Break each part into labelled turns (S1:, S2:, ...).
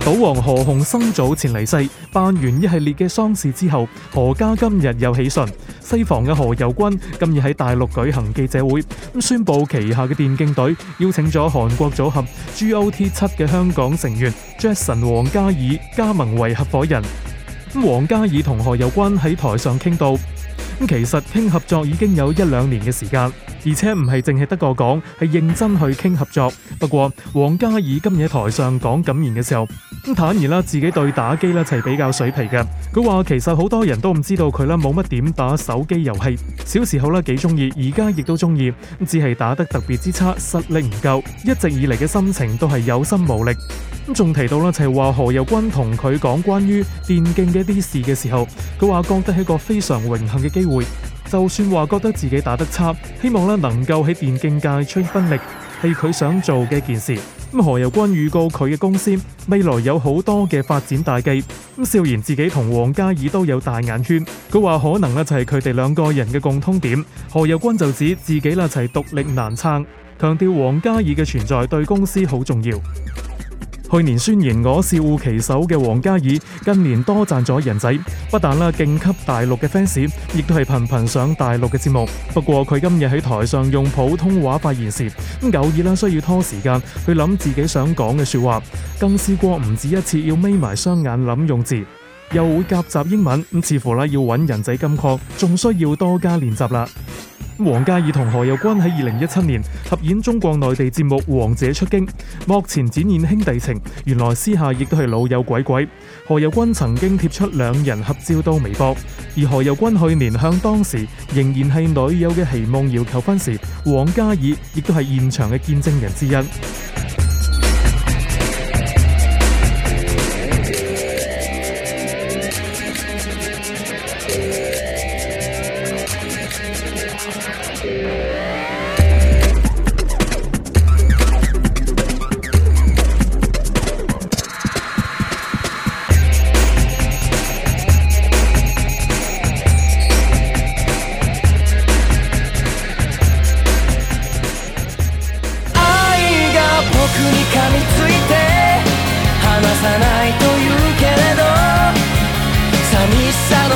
S1: 賭王何鴻燊早前離世，辦完一系列嘅喪事之後，何家今日又喜訊。西房嘅何猷君今日喺大陸舉行記者會，宣布旗下嘅電競隊邀請咗韓國組合 GOT7 嘅香港成員 Jackson 王嘉爾加盟為合夥人。咁王嘉爾同何猷君喺台上傾到，咁其實傾合作已經有一兩年嘅時間，而且唔係淨係得個講，係認真去傾合作。不過王嘉爾今日喺台上講感言嘅時候，咁坦然啦，自己對打機呢就係比較水皮嘅。佢話其實好多人都唔知道佢呢冇乜點打手機遊戲。小時候呢幾中意，而家亦都中意，只係打得特別之差，實力唔夠，一直以嚟嘅心情都係有心無力。仲提到呢，就係話何猷君同佢講關於電競嘅一啲事嘅時候，佢話覺得係個非常榮幸嘅機會，就算話覺得自己打得差，希望呢能夠喺電競界出分力。係佢想做嘅件事，咁何猷君預告佢嘅公司未來有好多嘅發展大計，咁笑言自己同王嘉爾都有大眼圈，佢話可能咧就係佢哋兩個人嘅共通點，何猷君就指自己啦齊獨力難撐，強調王嘉爾嘅存在對公司好重要。去年宣言我是護旗手嘅王嘉爾，今年多賺咗人仔，不但啦，勁吸大陸嘅 fans，亦都係頻頻上大陸嘅節目。不過佢今日喺台上用普通話發言時，咁偶爾啦需要拖時間去諗自己想講嘅說話，更試過唔止一次要眯埋雙眼諗用字，又會夾雜英文咁，似乎啦要揾人仔金礦仲需要多加練習啦。王嘉爾同何猷君喺二零一七年合演中國內地節目《王者出京》，幕前展現兄弟情，原來私下亦都係老友鬼鬼。何猷君曾經貼出兩人合照到微博，而何猷君去年向當時仍然係女友嘅奚夢瑤求婚時，王嘉爾亦都係現場嘅見證人之一。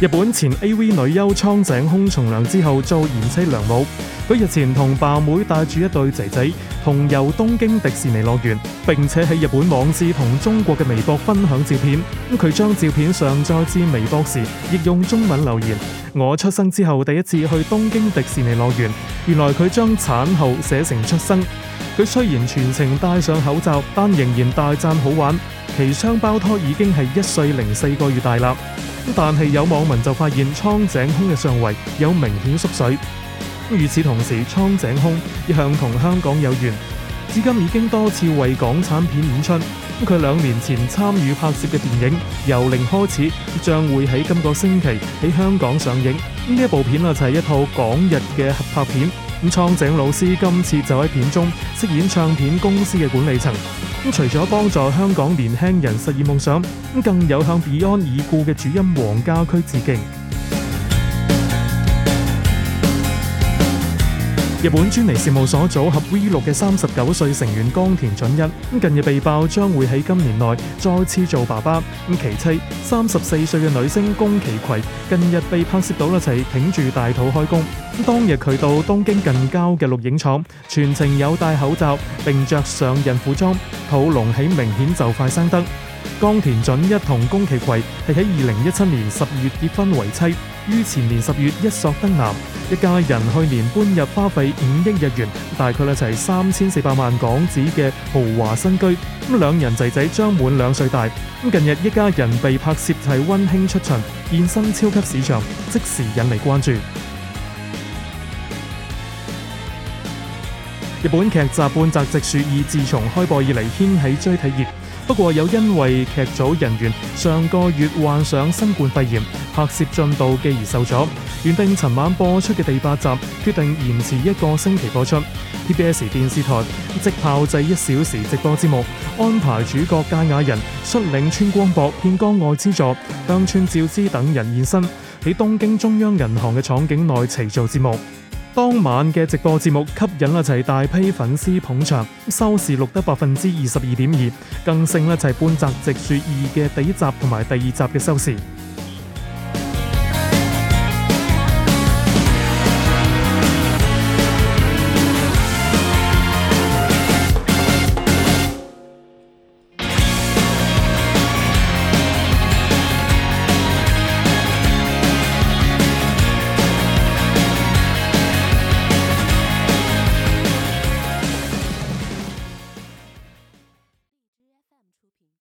S1: 日本前 AV 女優蒼井空從良之後做賢妻良母，佢日前同爸妹帶住一對仔仔同遊東京迪士尼樂園，並且喺日本網誌同中國嘅微博分享照片。咁佢將照片上載至微博時，亦用中文留言：我出生之後第一次去東京迪士尼樂園。原來佢將產後寫成出生。佢雖然全程戴上口罩，但仍然大讚好玩。其雙胞胎已經係一歲零四個月大啦。但係有網民就發現蒼井空嘅上圍有明顯縮水。咁與此同時，蒼井空一向同香港有緣，至今已經多次為港產片演出。佢兩年前參與拍攝嘅電影《由零開始》將會喺今個星期喺香港上映。呢一部片啊就係一套港日嘅合拍片。咁蒼井老師今次就喺片中飾演唱片公司嘅管理層。除咗幫助香港年輕人實現夢想，更有向 Beyond 已故嘅主音黃家駒致敬。日本傑尼斯事務所組合 V 六嘅三十九歲成員岡田准一咁近日被爆將會喺今年內再次做爸爸，咁其妻三十四歲嘅女星宮崎葵近日被拍攝到一齊挺住大肚開工，咁當日佢到東京近郊嘅錄影廠，全程有戴口罩並着上孕婦裝，肚隆起明顯就快生得。岡田准一同宮崎葵係喺二零一七年十月結婚為妻，於前年十月一索得男，一家人去年搬入花費五億日元，大概一齊三千四百萬港紙嘅豪華新居。咁兩人仔仔將滿兩歲大，咁近日一家人被拍攝喺温馨出巡，現身超級市場，即時引嚟關注。日本劇集《半澤直樹》二自從開播以嚟，掀起追睇熱。不過有因為劇組人員上個月患上新冠肺炎，拍攝進度繼而受阻，原定尋晚播出嘅第八集決定延遲一個星期播出。TBS 電視台即炮製一小時直播節目，安排主角堺雅人、及川光博、片岡愛之助、香川照之等人現身喺東京中央銀行嘅廠景內齊做節目。當晚嘅直播節目吸引咗大批粉絲捧場，收視錄得百分之二十二點二，更勝咗《半澤直樹二》嘅第一集同埋第二集嘅收視。